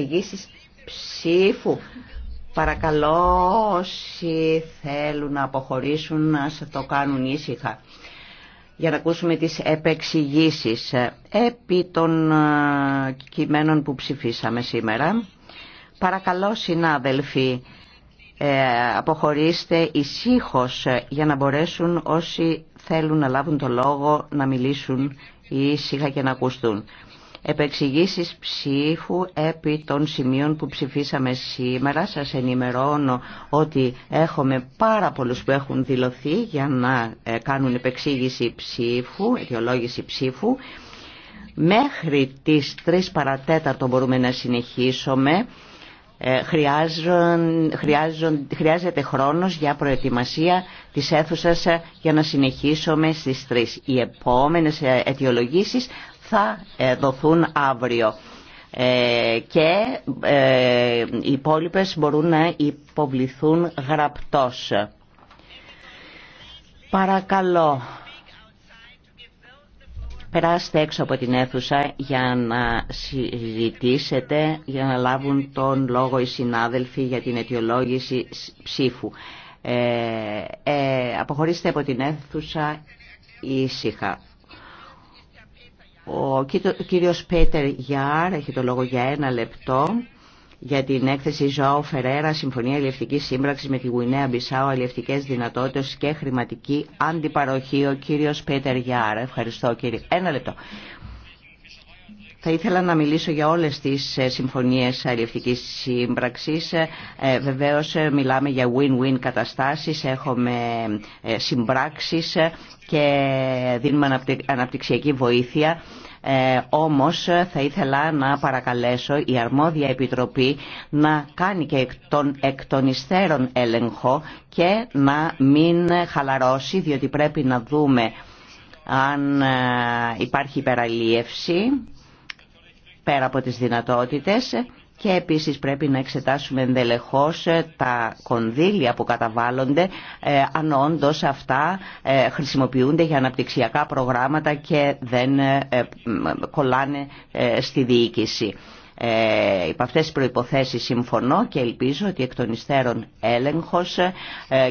εξηγήσει ψήφου. Παρακαλώ όσοι θέλουν να αποχωρήσουν να το κάνουν ήσυχα. Για να ακούσουμε τις επεξηγήσεις επί των κειμένων που ψηφίσαμε σήμερα. Παρακαλώ συνάδελφοι ε, αποχωρήστε ησύχω ε, για να μπορέσουν όσοι θέλουν να λάβουν το λόγο να μιλήσουν ήσυχα και να ακουστούν επεξηγήσει ψήφου επί των σημείων που ψηφίσαμε σήμερα. Σας ενημερώνω ότι έχουμε πάρα πολλού που έχουν δηλωθεί για να ε, κάνουν επεξήγηση ψήφου, αιτιολόγηση ψήφου. Μέχρι τις 3 παρατέταρτο μπορούμε να συνεχίσουμε. Ε, χρειάζεται χρόνος για προετοιμασία της αίθουσας ε, για να συνεχίσουμε στις 3. Οι επόμενες αιτιολογήσεις θα ε, δοθούν αύριο ε, και ε, οι υπόλοιπε μπορούν να υποβληθούν γραπτός. Παρακαλώ, περάστε έξω από την αίθουσα για να συζητήσετε, για να λάβουν τον λόγο οι συνάδελφοι για την αιτιολόγηση ψήφου. Ε, αποχωρήστε από την αίθουσα ήσυχα. Ο κύριος Πέτερ Γιάρ έχει το λόγο για ένα λεπτό για την έκθεση Ζωάου Φερέρα, Συμφωνία Αλληλευτικής Σύμπραξης με τη Γουινέα Μπισάου, Αλληλευτικές Δυνατότητες και Χρηματική Αντιπαροχή, ο κύριος Πέτερ Γιάρ. Ευχαριστώ κύριε. Ένα λεπτό. Θα ήθελα να μιλήσω για όλες τις ε, συμφωνίες αλληλευτικής σύμπραξης. Ε, ε, βεβαίως μιλάμε για win-win καταστάσεις, έχουμε συμπράξεις και δίνουμε αναπτυξιακή βοήθεια. Ε, όμως θα ήθελα να παρακαλέσω η αρμόδια επιτροπή να κάνει και εκ των, έλεγχο και να μην χαλαρώσει διότι πρέπει να δούμε αν υπάρχει υπεραλίευση πέρα από τις δυνατότητες και επίσης πρέπει να εξετάσουμε ενδελεχώς τα κονδύλια που καταβάλλονται ε, αν όντω αυτά ε, χρησιμοποιούνται για αναπτυξιακά προγράμματα και δεν ε, κολλάνε στη διοίκηση. Ε, υπ' αυτές τις προϋποθέσεις συμφωνώ και ελπίζω ότι εκ των υστέρων έλεγχος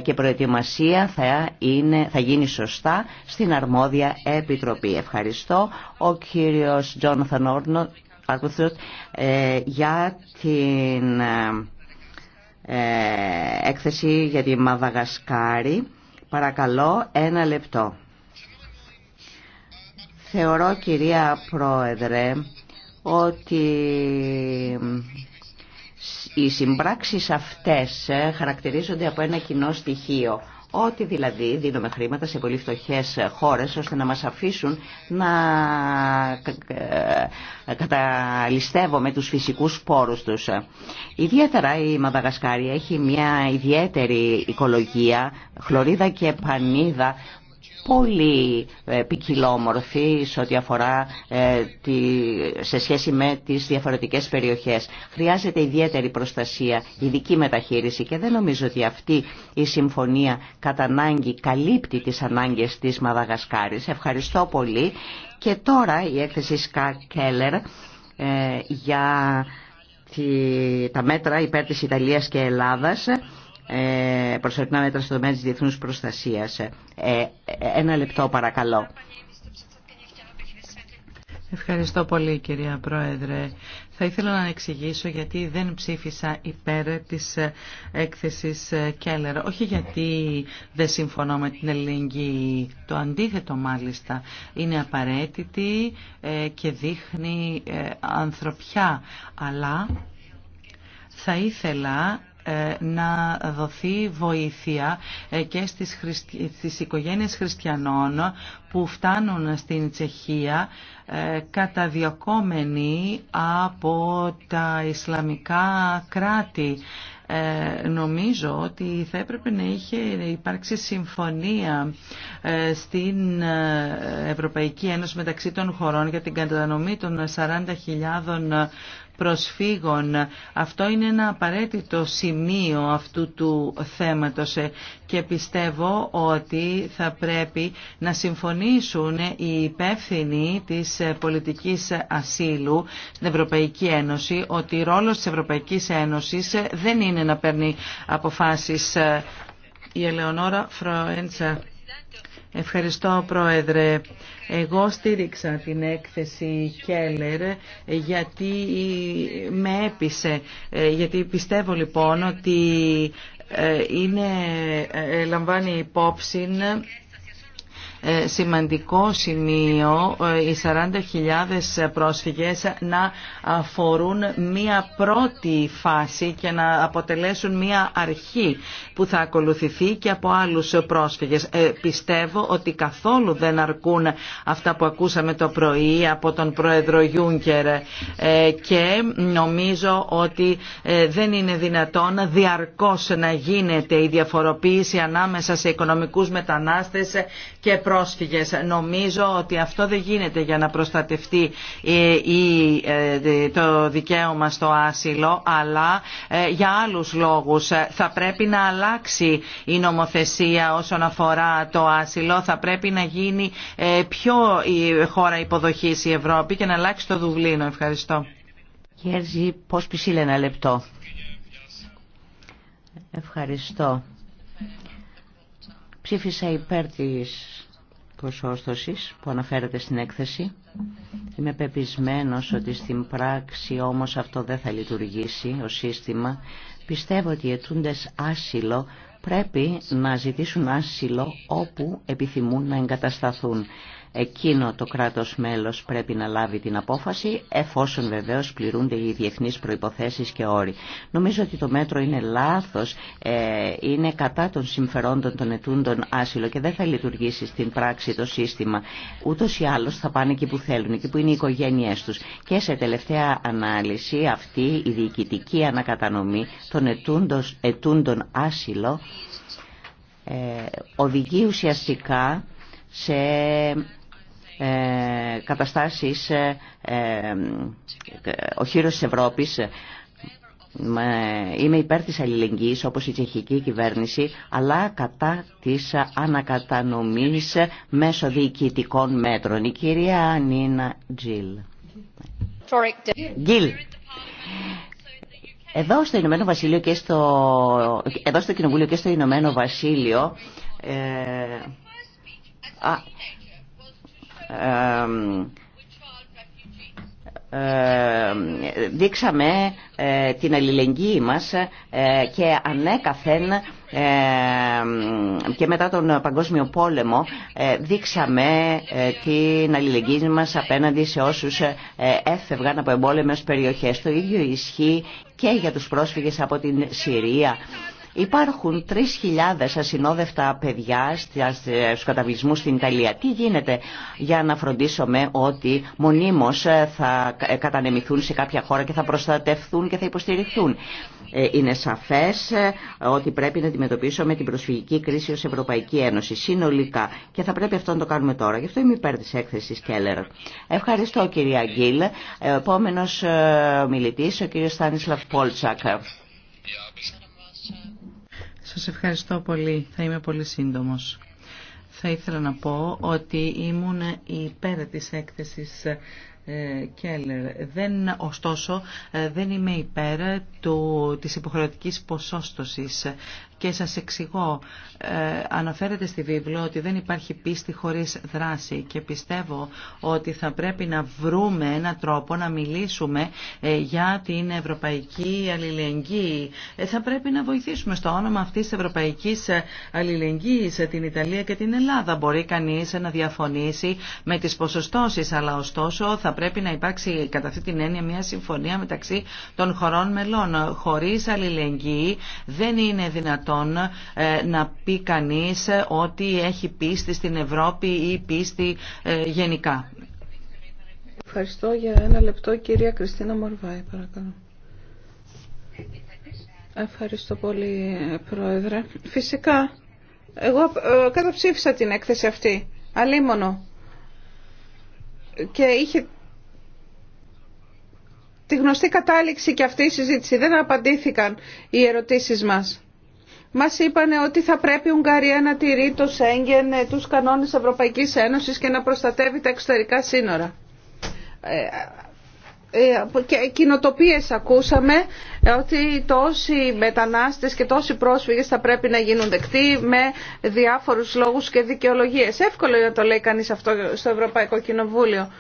και προετοιμασία θα, θα γίνει σωστά στην αρμόδια Επιτροπή. Ευχαριστώ. Ο κύριος Τζόναθαν ε, για την ε, ε, έκθεση για τη Μαδαγασκάρη. Παρακαλώ, ένα λεπτό. Θεωρώ, κυρία Πρόεδρε, ότι οι συμπράξεις αυτές χαρακτηρίζονται από ένα κοινό στοιχείο ότι δηλαδή δίνουμε χρήματα σε πολύ φτωχέ χώρε, ώστε να μας αφήσουν να καταλυστεύουμε τους φυσικούς πόρους τους. Ιδιαίτερα η Μαδαγασκάρη έχει μια ιδιαίτερη οικολογία, χλωρίδα και πανίδα πολύ ε, ποικιλόμορφη σε ό,τι αφορά ε, σε σχέση με τις διαφορετικές περιοχές. Χρειάζεται ιδιαίτερη προστασία, ειδική μεταχείριση και δεν νομίζω ότι αυτή η συμφωνία κατά ανάγκη καλύπτει τις ανάγκες της Μαδαγασκάρης. Ευχαριστώ πολύ. Και τώρα η έκθεση Σκά Κέλλερ ε, για τα μέτρα υπέρ της Ιταλίας και Ελλάδας ε, προσωρινά μέτρα στο τομέα της διεθνούς προστασίας. Ε, ε, ένα λεπτό παρακαλώ. Ευχαριστώ πολύ κυρία Πρόεδρε. Θα ήθελα να εξηγήσω γιατί δεν ψήφισα υπέρ της έκθεσης Κέλλερ. Όχι γιατί δεν συμφωνώ με την ελληνική. Το αντίθετο μάλιστα είναι απαραίτητη και δείχνει ανθρωπιά. Αλλά θα ήθελα ε, να δοθεί βοήθεια ε, και στις, στις οικογένειες χριστιανών που φτάνουν στην Τσεχία ε, καταδιακόμενοι από τα Ισλαμικά κράτη. νομίζω ότι θα έπρεπε να είχε υπάρξει συμφωνία στην Ευρωπαϊκή Ένωση μεταξύ των χωρών για την κατανομή των 40.000 προσφύγων. Αυτό είναι ένα απαραίτητο σημείο αυτού του θέματος ε, και πιστεύω ότι θα πρέπει να συμφωνήσουν οι υπεύθυνοι της ε, πολιτικής ασύλου στην Ευρωπαϊκή Ένωση ότι ρόλος της Ευρωπαϊκής Ένωσης ε, δεν είναι να παίρνει αποφάσεις η Ελεονόρα Φροέντσα. Ευχαριστώ Πρόεδρε. Εγώ στήριξα την έκθεση Κέλλερ γιατί με έπεισε, ε, γιατί πιστεύω λοιπόν ότι ε, είναι, ε, λαμβάνει υπόψη ε, σημαντικό σημείο ε, οι 40.000 πρόσφυγες να αφορούν μία πρώτη φάση και να αποτελέσουν μία αρχή που θα ακολουθηθεί και από άλλους πρόσφυγες. Ε, πιστεύω ότι καθόλου δεν αρκούν αυτά που ακούσαμε το πρωί από τον πρόεδρο Γιούγκερ και νομίζω ότι δεν είναι δυνατόν διαρκώς να γίνεται η διαφοροποίηση ανάμεσα σε οικονομικούς μετανάστες και πρόσφυγες. Νομίζω ότι αυτό δεν γίνεται για να προστατευτεί ε, ε, το δικαίωμα στο άσυλο, αλλά ε, για άλλους λόγους. Θα πρέπει να αλλάξει η νομοθεσία όσον αφορά το άσυλο. Θα πρέπει να γίνει πιο η χώρα υποδοχής η Ευρώπη και να αλλάξει το Δουβλίνο. Ευχαριστώ. Κέρζη, πώς πισήλε ένα λεπτό. Ευχαριστώ. Ψήφισα υπέρ της προσώστοσης που αναφέρεται στην έκθεση. Είμαι πεπισμένος ότι στην πράξη όμως αυτό δεν θα λειτουργήσει ο σύστημα. Πιστεύω ότι οι αιτούντες άσυλο πρέπει να ζητήσουν άσυλο όπου επιθυμούν να εγκατασταθούν. Εκείνο το κράτος μέλος πρέπει να λάβει την απόφαση, εφόσον βεβαίως πληρούνται οι διεθνείς προϋποθέσεις και όροι. Νομίζω ότι το μέτρο είναι λάθος, ε, είναι κατά των συμφερόντων των ετούντων άσυλο και δεν θα λειτουργήσει στην πράξη το σύστημα. Ούτως ή άλλως θα πάνε εκεί που θέλουν, εκεί που είναι οι οικογένειές τους. Και σε τελευταία ανάλυση αυτή η διοικητική ανακατανομή των ετούντων άσυλο ε, οδηγεί ουσιαστικά σε ε, καταστάσεις ε, ε, ο χείρος της Ευρώπης είμαι υπέρ της αλληλεγγύης όπως η τσεχική κυβέρνηση αλλά κατά της ανακατανομής μέσω διοικητικών μέτρων. Η κυρία Νίνα Τζιλ. Γκίλ. Εδώ στο Ηνωμένο Βασίλειο και στο... Εδώ στο Κοινοβούλιο και στο Ηνωμένο Βασίλειο ε δείξαμε ε, την αλληλεγγύη μας ε, και ανέκαθεν και μετά τον Παγκόσμιο Πόλεμο ε, δείξαμε την αλληλεγγύη μας απέναντι σε όσους έφευγαν από εμπόλεμες περιοχές. Το ίδιο ισχύει και για τους πρόσφυγες από την Συρία Υπάρχουν 3.000 ασυνόδευτα παιδιά στους καταβλισμούς στην Ιταλία. Τι γίνεται για να φροντίσουμε ότι μονίμως ε, θα ε, κατανεμηθούν σε κάποια χώρα και θα προστατευθούν και θα υποστηριχθούν. Ε, είναι σαφές ότι πρέπει να αντιμετωπίσουμε την προσφυγική κρίση ως Ευρωπαϊκή Ένωση συνολικά και θα πρέπει αυτό να το κάνουμε τώρα. Γι' αυτό είμαι υπέρ της έκθεσης Κέλλερ. Ευχαριστώ κυρία Γκίλ. Επόμενος μιλητής ο κύριος Στάνισλαφ Πόλτσακ. Σας ευχαριστώ πολύ. Θα είμαι πολύ σύντομος. Θα ήθελα να πω ότι ήμουν υπέρ της έκθεσης Κέλλερ. Δεν, ωστόσο, ε, δεν είμαι υπέρ του, της υποχρεωτικής ποσόστοσης και σας εξηγώ, ε, αναφέρεται στη βίβλο ότι δεν υπάρχει πίστη χωρίς δράση και πιστεύω ότι θα πρέπει να βρούμε έναν τρόπο να μιλήσουμε ε, για την ευρωπαϊκή αλληλεγγύη. Ε, θα πρέπει να βοηθήσουμε στο όνομα αυτής της ευρωπαϊκής αλληλεγγύης την Ιταλία και την Ελλάδα. Μπορεί κανείς να διαφωνήσει με τις ποσοστώσεις, αλλά ωστόσο θα πρέπει να υπάρξει κατά αυτή την έννοια μια συμφωνία μεταξύ των χωρών μελών. Χωρίς αλληλεγγύη δεν είναι δυνατόν δυνατόν ε, να πει κανείς ότι έχει πίστη στην Ευρώπη ή πίστη ε, γενικά. Ευχαριστώ για ένα λεπτό κυρία Κριστίνα Μορβάη παρακαλώ. Ευχαριστώ πολύ Πρόεδρε. Φυσικά, εγώ ε, καταψήφισα την έκθεση αυτή, αλίμονο. Και είχε τη γνωστή κατάληξη και αυτή η συζήτηση. Δεν απαντήθηκαν οι ερωτήσεις μας. Μας είπαν ότι θα πρέπει η Ουγγαρία να τηρεί το Σέγγεν, ε, τους κανόνες Ευρωπαϊκής Ένωσης και να προστατεύει τα εξωτερικά σύνορα. Ε, ε, και κοινοτοπίες ακούσαμε ότι τόσοι μετανάστες και τόσοι πρόσφυγες θα πρέπει να γίνουν δεκτοί με διάφορους λόγους και δικαιολογίες. Εύκολο είναι να το λέει κανείς αυτό στο Ευρωπαϊκό Κοινοβούλιο.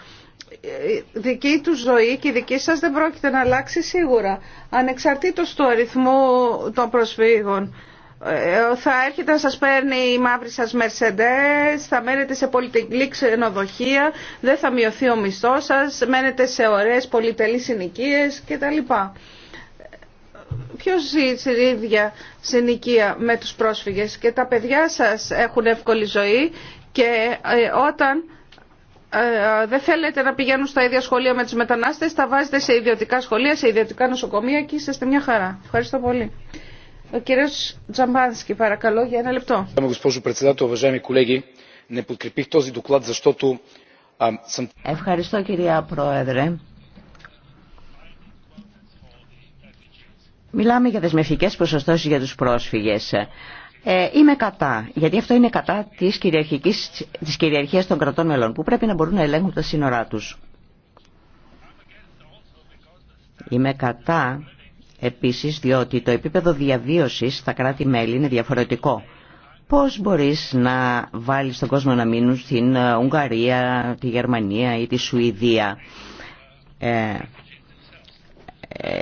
δική του ζωή και η δική σας δεν πρόκειται να αλλάξει σίγουρα, ανεξαρτήτως του αριθμού των προσφύγων. Ε, θα έρχεται να σας παίρνει η μαύρη σας Mercedes, θα μένετε σε πολυτελή ξενοδοχεία, δεν θα μειωθεί ο μισθός σας, μένετε σε ωραίες πολυτελείς συνοικίες κτλ. Ποιος ζει στην ίδια συνοικία με τους πρόσφυγες και τα παιδιά σας έχουν εύκολη ζωή και ε, όταν ε, δεν θέλετε να πηγαίνουν στα ίδια σχολεία με τους μετανάστες, τα βάζετε σε ιδιωτικά σχολεία, σε ιδιωτικά νοσοκομεία και είστε μια χαρά. Ευχαριστώ πολύ. Ο κύριος Τζαμπάνσκι, παρακαλώ, για ένα λεπτό. Ευχαριστώ κυρία Πρόεδρε. Μιλάμε για δεσμευτικές ποσοστώσεις για τους πρόσφυγες. Ε, είμαι κατά, γιατί αυτό είναι κατά της, κυριαρχικής, της κυριαρχίας των κρατών μελών, που πρέπει να μπορούν να ελέγχουν τα σύνορά τους. Είμαι κατά Επίσης, διότι το επίπεδο διαβίωσης στα κράτη-μέλη είναι διαφορετικό. Πώς μπορείς να βάλεις τον κόσμο να μείνουν στην ε, Ουγγαρία, τη Γερμανία ή τη Σουηδία. Ε, ε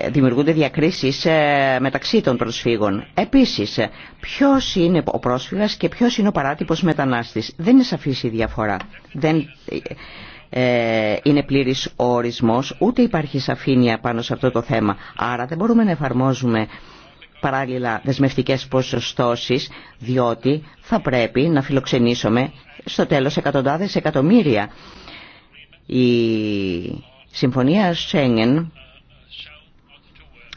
δημιουργούνται διακρίσεις ε, μεταξύ των προσφύγων. Επίσης, ποιος είναι ο πρόσφυγας και ποιος είναι ο παράτυπος μετανάστης. Δεν είναι σαφής η διαφορά. Δεν... Ε, είναι πλήρης ο ορισμός, ούτε υπάρχει σαφήνεια πάνω σε αυτό το θέμα. Άρα δεν μπορούμε να εφαρμόζουμε παράλληλα δεσμευτικές ποσοστώσεις, διότι θα πρέπει να φιλοξενήσουμε στο τέλος εκατοντάδες εκατομμύρια. Η Συμφωνία Σέγγεν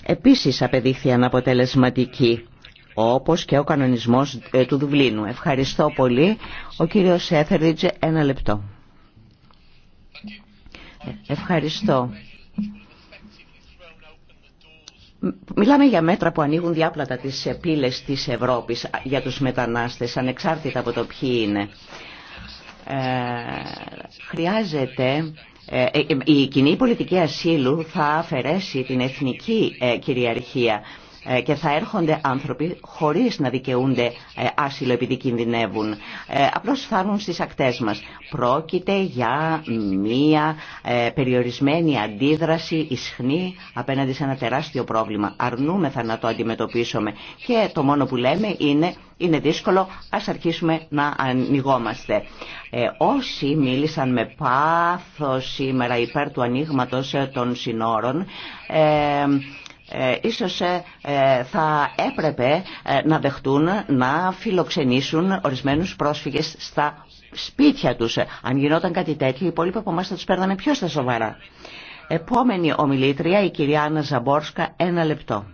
επίσης απεδείχθη αναποτελεσματική όπως και ο κανονισμός ε, του Δουβλίνου. Ευχαριστώ πολύ. Ο κύριος Έθερδιτζε, ένα λεπτό. Ευχαριστώ. Μιλάμε για μέτρα που ανοίγουν διάπλατα τις πύλες της Ευρώπης για τους μετανάστες, ανεξάρτητα από το ποιοι είναι. Ε, χρειάζεται ε, ε, η κοινή πολιτική ασύλου θα αφαιρέσει την εθνική κυριαρχία ε, και θα έρχονται άνθρωποι χωρίς να δικαιούνται ε, άσυλο επειδή κινδυνεύουν. Ε, απλώς φτάνουν στις ακτές μας. Πρόκειται για μία περιορισμένη αντίδραση ισχνή απέναντι σε ένα τεράστιο πρόβλημα. Αρνούμεθα να το αντιμετωπίσουμε και το μόνο που λέμε είναι είναι δύσκολο, ας αρχίσουμε να ανοιγόμαστε. όσοι μίλησαν με πάθος σήμερα υπέρ του ανοίγματο των συνόρων, ε, ίσως ε, ε, θα έπρεπε να δεχτούν να φιλοξενήσουν ορισμένους πρόσφυγες στα σπίτια τους. Αν γινόταν κάτι τέτοιο, οι υπόλοιποι από εμάς θα τους παίρνανε πιο στα σοβαρά. Επόμενη ομιλήτρια, η κυρία Άννα Ζαμπόρσκα, ένα λεπτό.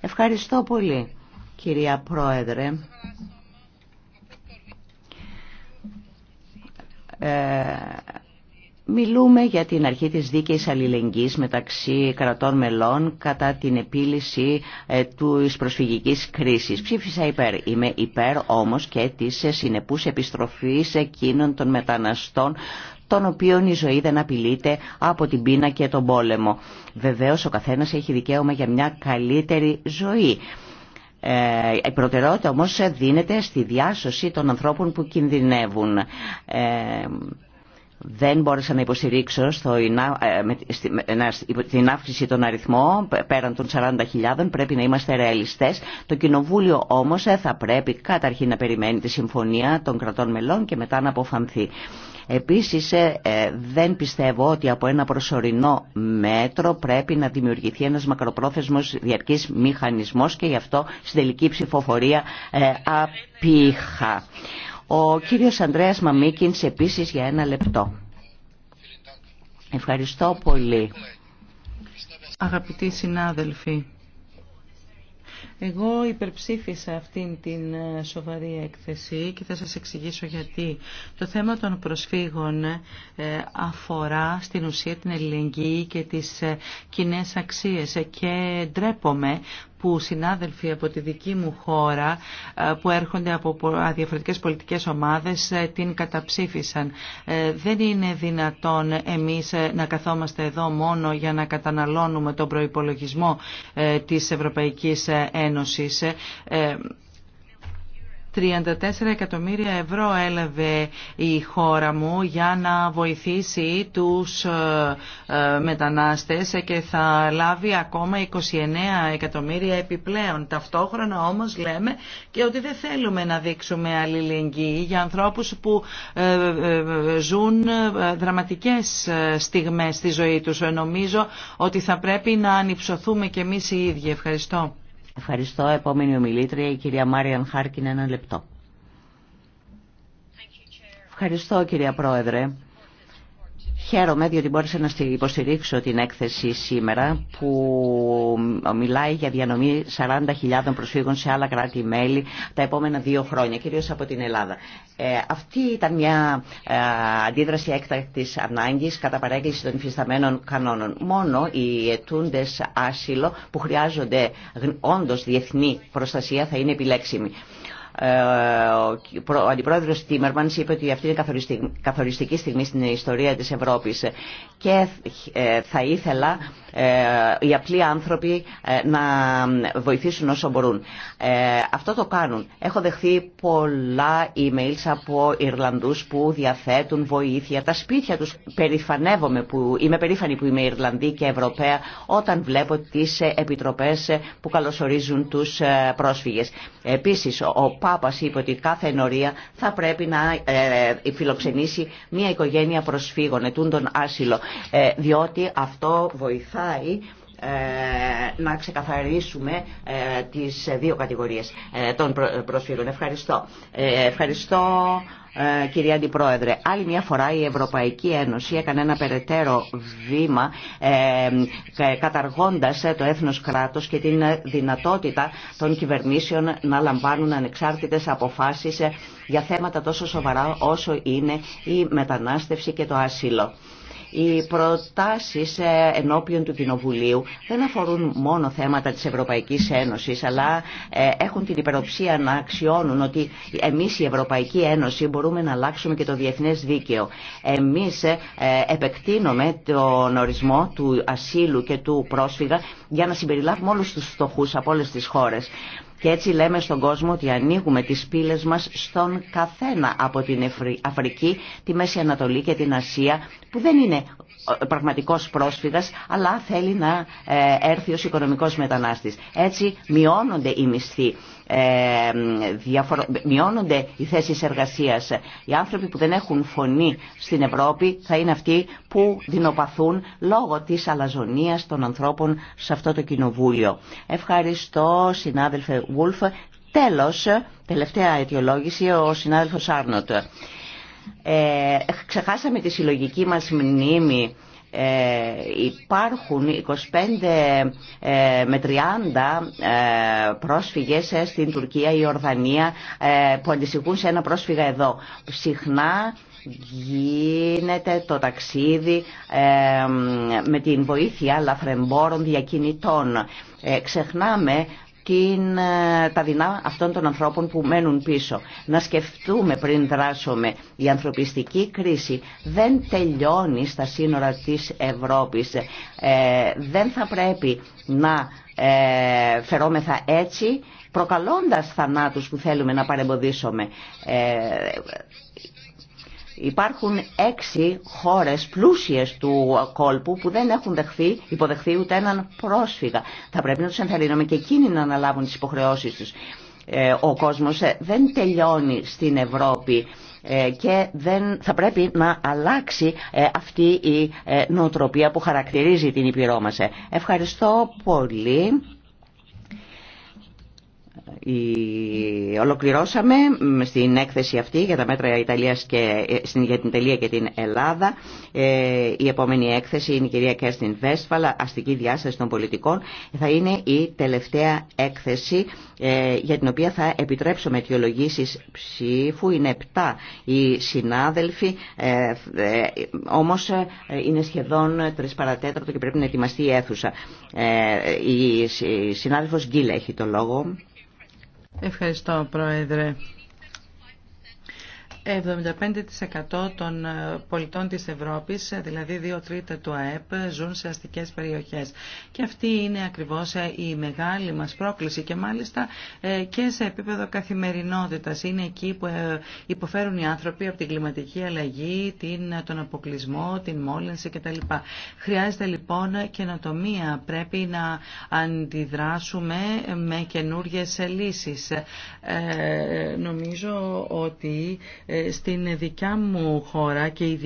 Ευχαριστώ πολύ, κυρία Πρόεδρε. Ε, Μιλούμε για την αρχή της δίκαιης αλληλεγγύης μεταξύ κρατών μελών κατά την επίλυση ε, της προσφυγικής κρίσης. Ψήφισα υπέρ. Είμαι υπέρ όμως και της συνεπούς επιστροφής εκείνων των μεταναστών των οποίων η ζωή δεν απειλείται από την πείνα και τον πόλεμο. Βεβαίως ο καθένας έχει δικαίωμα για μια καλύτερη ζωή. Ε, η προτεραιότητα όμως δίνεται στη διάσωση των ανθρώπων που κινδυνεύουν. Ε, δεν μπόρεσα να υποστηρίξω στο, ε, την αύξηση των αριθμών πέραν των 40.000. Πρέπει να είμαστε ρεαλιστές. Το Κοινοβούλιο όμως ε, θα πρέπει καταρχήν να περιμένει τη συμφωνία των κρατών μελών και μετά να αποφανθεί. Επίσης ε, δεν πιστεύω ότι από ένα προσωρινό μέτρο πρέπει να δημιουργηθεί ένας μακροπρόθεσμος διαρκής μηχανισμός και γι' αυτό στην τελική ψηφοφορία απήχα. Ο κύριος Ανδρέας Μαμίκινς επίσης για ένα λεπτό. Ευχαριστώ πολύ. Αγαπητοί συνάδελφοι, εγώ υπερψήφισα αυτήν την ε, σοβαρή έκθεση και θα σας εξηγήσω γιατί. Το θέμα των προσφύγων ε, αφορά στην ουσία την ελληνική και τις ε, κοινέ αξίες και ντρέπομαι που συνάδελφοι από τη δική μου χώρα ε, που έρχονται από διαφορετικές πολιτικές ομάδες ε, την καταψήφισαν. Ε, δεν είναι δυνατόν εμείς να καθόμαστε εδώ μόνο για να καταναλώνουμε τον προϋπολογισμό της Ευρωπαϊκής Ένωσης 34 εκατομμύρια ευρώ έλαβε η χώρα μου για να βοηθήσει τους ε, ε, μετανάστες και θα λάβει ακόμα 29 εκατομμύρια επιπλέον. Ταυτόχρονα όμως λέμε και ότι δεν θέλουμε να δείξουμε αλληλεγγύη για ανθρώπους που ε, ζουν δραματικές στιγμές στη ζωή τους. Νομίζω ότι θα πρέπει να ανυψωθούμε και εμείς οι ίδιοι. Ευχαριστώ. Ευχαριστώ. Επόμενη ομιλήτρια, η κυρία Μάριαν Χάρκιν, ένα λεπτό. Ευχαριστώ κυρία Πρόεδρε. Χαίρομαι διότι μπόρεσα να υποστηρίξω την έκθεση σήμερα που μιλάει για διανομή 40.000 προσφύγων σε άλλα κράτη-μέλη τα επόμενα δύο χρόνια, κυρίως από την Ελλάδα. Ε, αυτή ήταν μια ε, αντίδραση έκτακτης ανάγκης κατά παρέκκληση των υφισταμένων κανόνων. Μόνο οι ετούντες άσυλο που χρειάζονται όντως διεθνή προστασία θα είναι επιλέξιμοι. Ε, ο αντιπρόεδρος Τίμερμανς είπε ότι αυτή είναι καθοριστική στιγμή στην ιστορία της Ευρώπης και ε, θα ήθελα ε, οι απλοί άνθρωποι να βοηθήσουν όσο μπορούν. Αυτό το κάνουν. Έχω δεχθεί πολλά emails από Ιρλανδούς που διαθέτουν βοήθεια. Τα σπίτια τους περηφανεύομαι που είμαι περήφανη που είμαι Ιρλανδή και Ευρωπαία όταν βλέπω τις επιτροπές που καλωσορίζουν τους πρόσφυγες. Επίσης, ο Πάπα είπε ότι κάθε ενορία θα πρέπει να ε, ε, φιλοξενήσει μια οικογένεια προσφύγων, τον άσυλο, ε, διότι αυτό βοηθάει να ξεκαθαρίσουμε ε, τις δύο κατηγορίες ε, των προσφύγων. Ευχαριστώ. Ε, ευχαριστώ κυρία Αντιπρόεδρε. Άλλη μια φορά η Ευρωπαϊκή Ένωση έκανε ένα περαιτέρω βήμα καταργώντας το έθνος κράτος και την δυνατότητα των κυβερνήσεων να λαμβάνουν ανεξάρτητες αποφάσεις για θέματα τόσο σοβαρά όσο είναι η μετανάστευση και το άσυλο. Οι προτάσεις ε, ενώπιον του Κοινοβουλίου δεν αφορούν μόνο θέματα της Ευρωπαϊκής Ένωσης, αλλά ε, έχουν την υπεροψία να αξιώνουν ότι εμείς η Ευρωπαϊκή Ένωση μπορούμε να αλλάξουμε και το διεθνές δίκαιο. Εμείς ε, επεκτείνουμε τον ορισμό του ασύλου και του πρόσφυγα για να συμπεριλάβουμε όλους τους φτωχού από όλες τις χώρες. Και έτσι λέμε στον κόσμο ότι ανοίγουμε τις πύλες μας στον καθένα από την Αφρική, τη Μέση Ανατολή και την Ασία που δεν είναι ε, πραγματικός πρόσφυγας αλλά θέλει να ε, έρθει ως οικονομικός μετανάστης. Έτσι μειώνονται οι μισθοί ε, διαφορο... μειώνονται οι θέσεις εργασίας. Οι άνθρωποι που δεν έχουν φωνή στην Ευρώπη θα είναι αυτοί που δυνοπαθούν λόγω της αλαζονίας των ανθρώπων σε αυτό το κοινοβούλιο. Ευχαριστώ συνάδελφε Βούλφ. Τέλος, τελευταία αιτιολόγηση, ο συνάδελφος Άρνοτ. Ε, ξεχάσαμε τη συλλογική μας μνήμη ε, υπάρχουν 25 ε, με 30 ε, πρόσφυγες στην Τουρκία ή Ορδανία που αντιστοιχούν σε ένα πρόσφυγα εδώ. Συχνά γίνεται το ταξίδι με την βοήθεια λαθρεμπόρων διακινητών. Ξεχνάμε την, ε, τα δεινά αυτών των ανθρώπων που μένουν πίσω. Να σκεφτούμε πριν δράσουμε. Η ανθρωπιστική κρίση δεν τελειώνει στα σύνορα της Ευρώπης. Ε, δεν θα πρέπει να ε, φερόμεθα έτσι προκαλώντας θανάτους που θέλουμε να παρεμποδίσουμε. Υπάρχουν έξι χώρες πλούσιες του κόλπου που δεν έχουν δεχθεί, υποδεχθεί ούτε έναν πρόσφυγα. Θα πρέπει να τους ενθαρρύνουμε και εκείνοι να αναλάβουν τις υποχρεώσεις τους. Ε, ο κόσμος ε, δεν τελειώνει στην Ευρώπη ε, και δεν θα πρέπει να αλλάξει αυτή η νοοτροπία που χαρακτηρίζει την Ήπειρό Ευχαριστώ πολύ. Ολοκληρώσαμε στην έκθεση αυτή για τα μέτρα Ιταλίας και, ε, για την Ιταλία και την Ελλάδα. Ε, η επόμενη έκθεση είναι η κυρία Κέρστιν Βέσφαλα, αστική διάσταση των πολιτικών. Θα είναι η τελευταία έκθεση ε, για την οποία θα επιτρέψουμε αιτιολογήσεις ψήφου. Είναι 7 οι συνάδελφοι, όμως είναι σχεδόν 3 παρατέταρτο και πρέπει να ετοιμαστεί η αίθουσα. η συνάδελφος Γκίλα έχει το λόγο. Ευχαριστώ, Πρόεδρε. 75% των ε, πολιτών της Ευρώπης, ε, δηλαδή 2 τρίτα του ΑΕΠ, ζουν σε αστικές περιοχές. Και αυτή είναι ακριβώς ε, η μεγάλη μας πρόκληση και μάλιστα και σε επίπεδο καθημερινότητας. Είναι εκεί που υποφέρουν οι άνθρωποι από την κλιματική αλλαγή, τον αποκλεισμό, την μόλυνση κτλ. Χρειάζεται λοιπόν καινοτομία. Πρέπει να αντιδράσουμε με καινούριε λύσεις. νομίζω ότι ε, στην δικιά μου χώρα και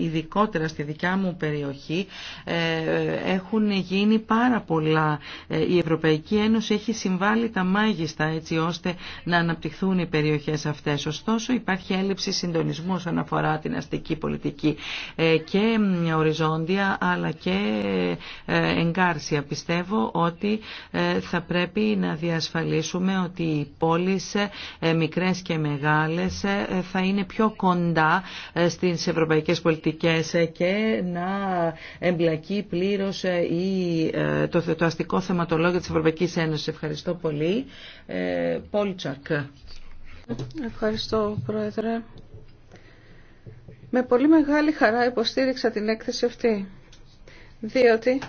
ειδικότερα στη δικιά μου περιοχή ε, έχουν γίνει πάρα πολλά. Ε, η Ευρωπαϊκή Ένωση έχει συμβάλει τα μάγιστα έτσι ώστε να αναπτυχθούν οι περιοχές αυτές. Ωστόσο υπάρχει έλλειψη συντονισμού όσον αφορά την αστική πολιτική και οριζόντια αλλά και εγκάρσια. Πιστεύω ότι θα πρέπει να διασφαλίσουμε ότι οι πόλεις μικρές και μεγάλες θα είναι πιο κοντά ε, στις ευρωπαϊκές πολιτικές ε, και να εμπλακεί πλήρως ε, η, το, το αστικό θεματολόγιο της Ευρωπαϊκής Ένωσης. Ευχαριστώ πολύ. Ευχαριστώ, Πρόεδρε. Με πολύ μεγάλη χαρά υποστήριξα την έκθεση αυτή, διότι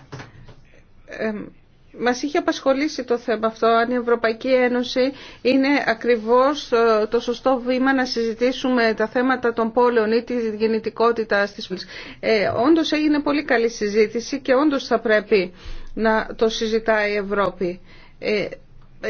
μας είχε απασχολήσει το θέμα αυτό, αν η Ευρωπαϊκή Ένωση είναι ακριβώς ε, το σωστό βήμα να συζητήσουμε τα θέματα των πόλεων ή τη γεννητικότητα της πόλης. Ε, όντως έγινε πολύ καλή συζήτηση και όντως θα πρέπει να το συζητάει η Ευρώπη. Ε,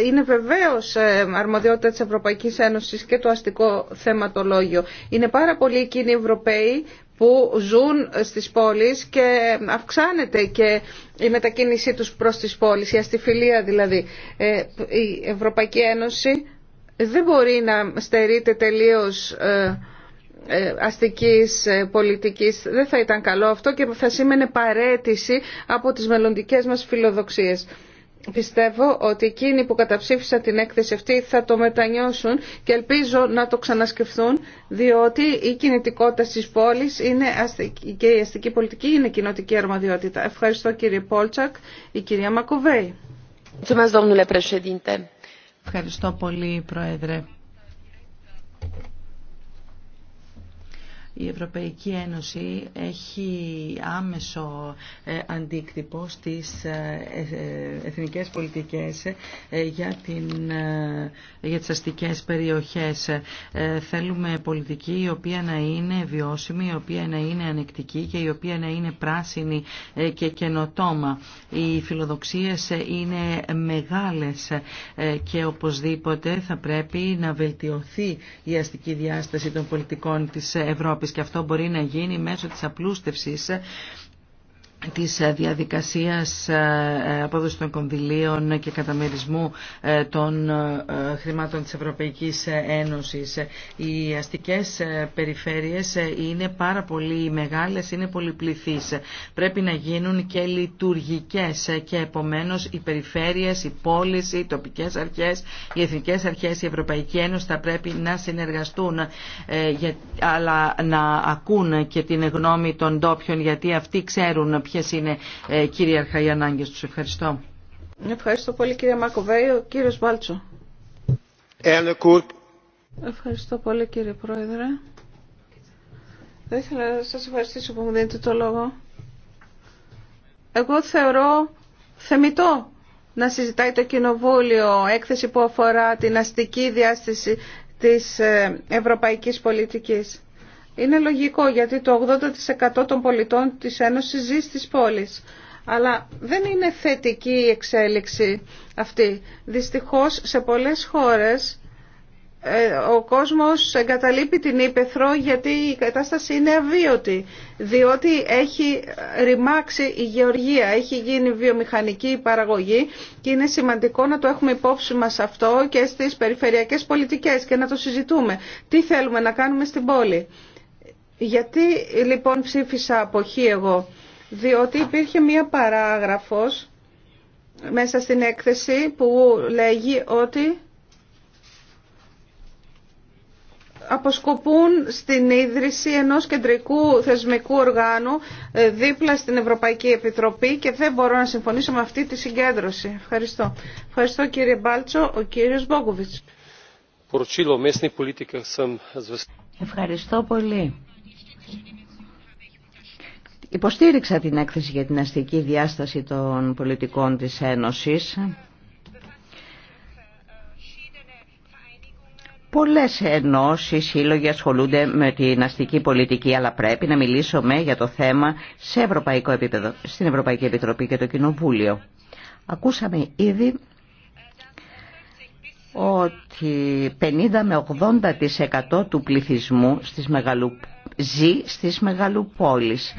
είναι βεβαίως ε, αρμοδιότητα της Ευρωπαϊκής Ένωσης και το αστικό θεματολόγιο. Είναι πάρα πολλοί εκείνοι οι Ευρωπαίοι που ζουν στις πόλεις και αυξάνεται και η μετακίνησή τους προς τις πόλεις, η αστιφιλία δηλαδή. Ε, η Ευρωπαϊκή Ένωση δεν μπορεί να στερείται τελείως ε, ε, αστικής πολιτικής. Δεν θα ήταν καλό αυτό και θα σήμαινε παρέτηση από τις μελλοντικές μας φιλοδοξίες. Πιστεύω ότι εκείνοι που καταψήφισαν την έκθεση αυτή θα το μετανιώσουν και ελπίζω να το ξανασκεφτούν διότι η κινητικότητα στις πόλεις είναι αστική, και η αστική πολιτική είναι κοινοτική αρμοδιότητα. Ευχαριστώ κύριε Πόλτσακ, η κυρία Μακοβέη. Ευχαριστώ πολύ Πρόεδρε. η Ευρωπαϊκή Ένωση έχει άμεσο ε, αντίκτυπο στις ε, ε, εθνικές πολιτικές για, την, για τις αστικές περιοχές. Θέλουμε πολιτική η οποία να είναι βιώσιμη, η οποία να είναι ανεκτική και η οποία να είναι πράσινη και καινοτόμα. Οι φιλοδοξίες είναι μεγάλες και οπωσδήποτε θα πρέπει να βελτιωθεί η αστική διάσταση των πολιτικών της Ευρώπης και αυτό μπορεί να γίνει μέσω της απλούστευσης της ε, διαδικασίας ε, ε, απόδοση των κονδυλίων και καταμερισμού των χρημάτων της Ευρωπαϊκής Ένωσης. Οι αστικές περιφέρειες είναι πάρα πολύ μεγάλες, είναι πολυπληθείς. Πρέπει να γίνουν και λειτουργικές και επομένως οι περιφέρειες, οι πόλεις, οι τοπικές αρχές, οι εθνικές αρχές, η Ευρωπαϊκή Ένωση θα πρέπει να συνεργαστούν αλλά να ακούν και την γνώμη των ντόπιων γιατί αυτοί ξέρουν ποιες είναι ε, κυρίαρχα οι ανάγκες τους. Ευχαριστώ. Ευχαριστώ πολύ κύριε Μακοβέη. Ο κύριος Μπάλτσο. Ευχαριστώ πολύ κύριε Πρόεδρε. Θα ήθελα να σας ευχαριστήσω που μου δίνετε το λόγο. Εγώ θεωρώ θεμητό να συζητάει το Κοινοβούλιο έκθεση που αφορά την αστική διάσταση της ε, ευρωπαϊκής πολιτικής. Είναι λογικό γιατί το 80% των πολιτών της Ένωσης ζει στις πόλεις. Αλλά δεν είναι θετική η εξέλιξη αυτή. Δυστυχώς σε πολλές χώρες ε, ο κόσμος εγκαταλείπει την Ήπεθρο γιατί η κατάσταση είναι αβίωτη, διότι έχει ρημάξει η γεωργία, έχει γίνει βιομηχανική παραγωγή και είναι σημαντικό να το έχουμε υπόψη μας αυτό και στις περιφερειακές πολιτικές και να το συζητούμε. Τι θέλουμε να κάνουμε στην πόλη. Γιατί λοιπόν ψήφισα αποχή εγώ. Διότι υπήρχε μία παράγραφος μέσα στην έκθεση που λέγει ότι αποσκοπούν στην ίδρυση ενός κεντρικού θεσμικού οργάνου ε, δίπλα στην Ευρωπαϊκή Επιτροπή και δεν μπορώ να συμφωνήσω με αυτή τη συγκέντρωση. Ευχαριστώ. Ευχαριστώ κύριε Μπάλτσο. Ο κύριος Μπόγκοβιτς. Ε, ε, Ευχαριστώ πολύ. Υποστήριξα την έκθεση για την αστική διάσταση των πολιτικών της Ένωσης. Πολλές ενώσεις, σύλλογοι ασχολούνται με την αστική πολιτική, αλλά πρέπει να μιλήσουμε για το θέμα σε ευρωπαϊκό επίπεδο, στην Ευρωπαϊκή Επιτροπή και το Κοινοβούλιο. Ακούσαμε ήδη ότι 50 με 80% του πληθυσμού στις μεγαλού ζει στις μεγαλοπόλεις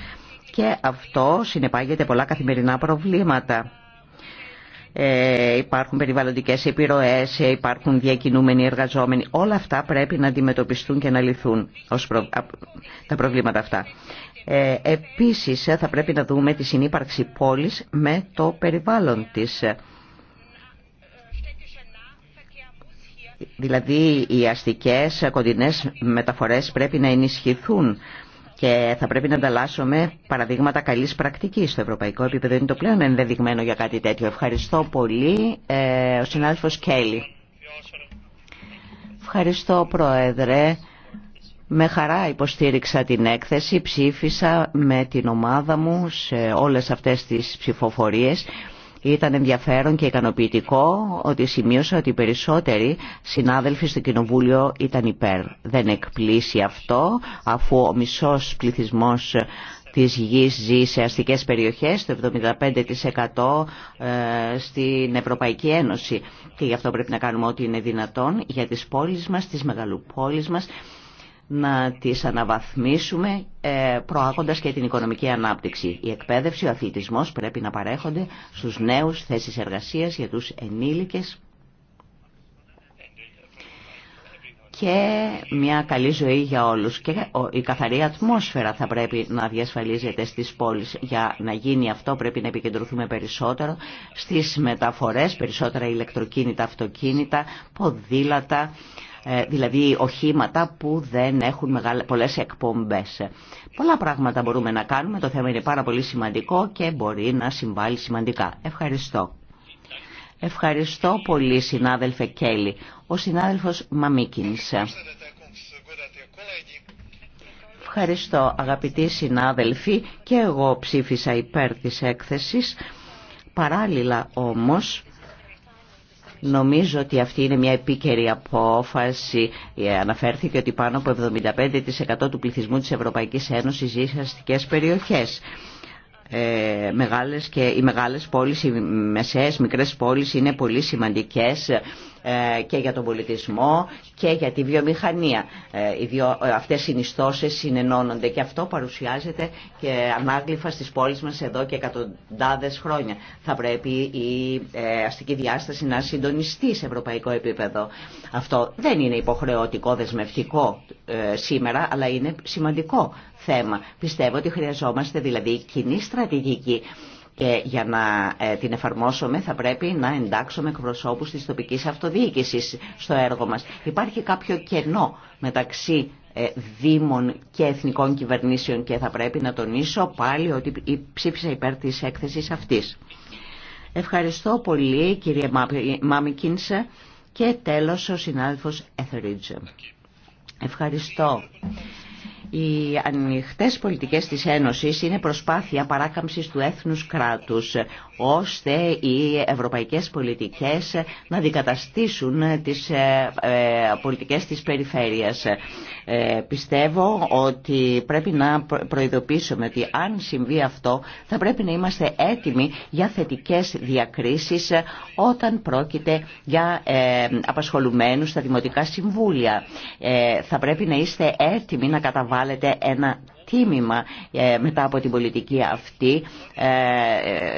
και αυτό συνεπάγεται πολλά καθημερινά προβλήματα. Ε, υπάρχουν περιβαλλοντικές επιρροές, ε, υπάρχουν διακινούμενοι εργαζόμενοι. Όλα αυτά πρέπει να αντιμετωπιστούν και να λυθούν ως τα προβλήματα αυτά. Ε, επίσης θα πρέπει να δούμε τη συνύπαρξη πόλης με το περιβάλλον της. Δηλαδή οι αστικές κοντινές μεταφορές πρέπει να ενισχυθούν και θα πρέπει να ανταλλάσσουμε παραδείγματα καλής πρακτικής στο ευρωπαϊκό επίπεδο. Είναι το πλέον ενδεδειγμένο για κάτι τέτοιο. Ευχαριστώ πολύ ε, ο συνάδελφος Κέλλη. Ευχαριστώ Πρόεδρε. Με χαρά υποστήριξα την έκθεση, ψήφισα με την ομάδα μου σε όλες αυτές τις ψηφοφορίες ήταν ενδιαφέρον και ικανοποιητικό ότι σημείωσα ότι οι περισσότεροι συνάδελφοι στο Κοινοβούλιο ήταν υπέρ. Δεν εκπλήσει αυτό αφού ο μισός πληθυσμός της γης ζει σε αστικές περιοχές, το 75% ε, στην Ευρωπαϊκή Ένωση. Και γι' αυτό πρέπει να κάνουμε ό,τι είναι δυνατόν για τις πόλεις μας, τις μεγαλοπόλεις μας, να τις αναβαθμίσουμε ε, προάγοντας και την οικονομική ανάπτυξη. Η εκπαίδευση, ο αθλητισμός πρέπει να παρέχονται στους νέους θέσεις εργασίας για τους ενήλικες και μια καλή ζωή για όλους. Και η καθαρή ατμόσφαιρα θα πρέπει να διασφαλίζεται στις πόλεις. Για να γίνει αυτό πρέπει να επικεντρωθούμε περισσότερο στις μεταφορές, περισσότερα ηλεκτροκίνητα, αυτοκίνητα, ποδήλατα, ε, δηλαδή οχήματα που δεν έχουν μεγάλα, πολλές εκπομπές. Πολλά πράγματα μπορούμε να κάνουμε, το θέμα είναι πάρα πολύ σημαντικό και μπορεί να συμβάλλει σημαντικά. Ευχαριστώ. Ευχαριστώ πολύ συνάδελφε Κέλλη. Ο συνάδελφος Μαμίκινης. Ευχαριστώ αγαπητοί συνάδελφοι και εγώ ψήφισα υπέρ της έκθεσης. Παράλληλα όμως Νομίζω ότι αυτή είναι μια επίκαιρη απόφαση. Ε, αναφέρθηκε ότι πάνω από 75% του πληθυσμού της Ευρωπαϊκής Ένωσης ζει σε αστικές περιοχές. Ε, μεγάλες και οι μεγάλες πόλεις, οι μεσαίες, μικρές πόλεις είναι πολύ σημαντικές ε, και για τον πολιτισμό και για τη βιομηχανία. Ε, οι ε, αυτές οι νηστώσεις συνενώνονται και αυτό παρουσιάζεται και ανάγλυφα στις πόλεις μας εδώ και εκατοντάδες χρόνια. Θα πρέπει η αστική διάσταση να συντονιστεί σε ευρωπαϊκό επίπεδο. Αυτό δεν είναι υποχρεωτικό δεσμευτικό σήμερα, αλλά είναι σημαντικό θέμα. Πιστεύω ότι χρειαζόμαστε δηλαδή κοινή στρατηγική και για να ε, την εφαρμόσουμε θα πρέπει να εντάξουμε εκπροσώπους της τοπικής αυτοδιοίκησης στο έργο μας. Υπάρχει κάποιο κενό μεταξύ ε, δήμων και εθνικών κυβερνήσεων και θα πρέπει να τονίσω πάλι ότι ψήφισα υπέρ της έκθεσης αυτής. Ευχαριστώ πολύ κύριε Μάμικίνσε και τέλος ο συνάδελφος Έθεριτζ. Ευχαριστώ. Οι ανοιχτέ πολιτικέ της Ένωση είναι προσπάθεια παράκαμψης του έθνους κράτους ώστε οι ευρωπαϊκές πολιτικές να δικαταστήσουν τις ε, ε, πολιτικές της περιφέρειας. Ε, πιστεύω ότι πρέπει να προειδοποιήσουμε ότι αν συμβεί αυτό θα πρέπει να είμαστε έτοιμοι για θετικές διακρίσεις όταν πρόκειται για απασχολουμένους στα δημοτικά συμβούλια. Θα πρέπει να είστε έτοιμοι να καταβάλλετε ένα τίμημα ε, μετά από την πολιτική αυτή ε,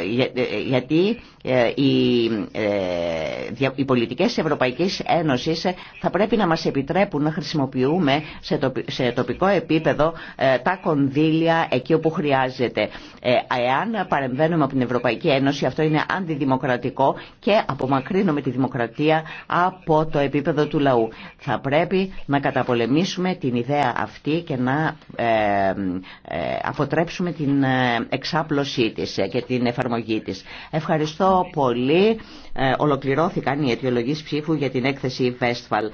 ε, γιατί οι πολιτικές Ευρωπαϊκής Ένωσης θα πρέπει να μας επιτρέπουν να χρησιμοποιούμε σε τοπικό επίπεδο τα κονδύλια εκεί όπου χρειάζεται. Εάν παρεμβαίνουμε από την Ευρωπαϊκή Ένωση αυτό είναι αντιδημοκρατικό και απομακρύνουμε τη δημοκρατία από το επίπεδο του λαού. Θα πρέπει να καταπολεμήσουμε την ιδέα αυτή και να ε, αποτρέψουμε την ε, εξάπλωσή της ε, και την εφαρμογή της. Ευχαριστώ πολύ. Ολοκληρώθηκαν οι αιτιολογίες ψήφου για την έκθεση Βέστφαλ.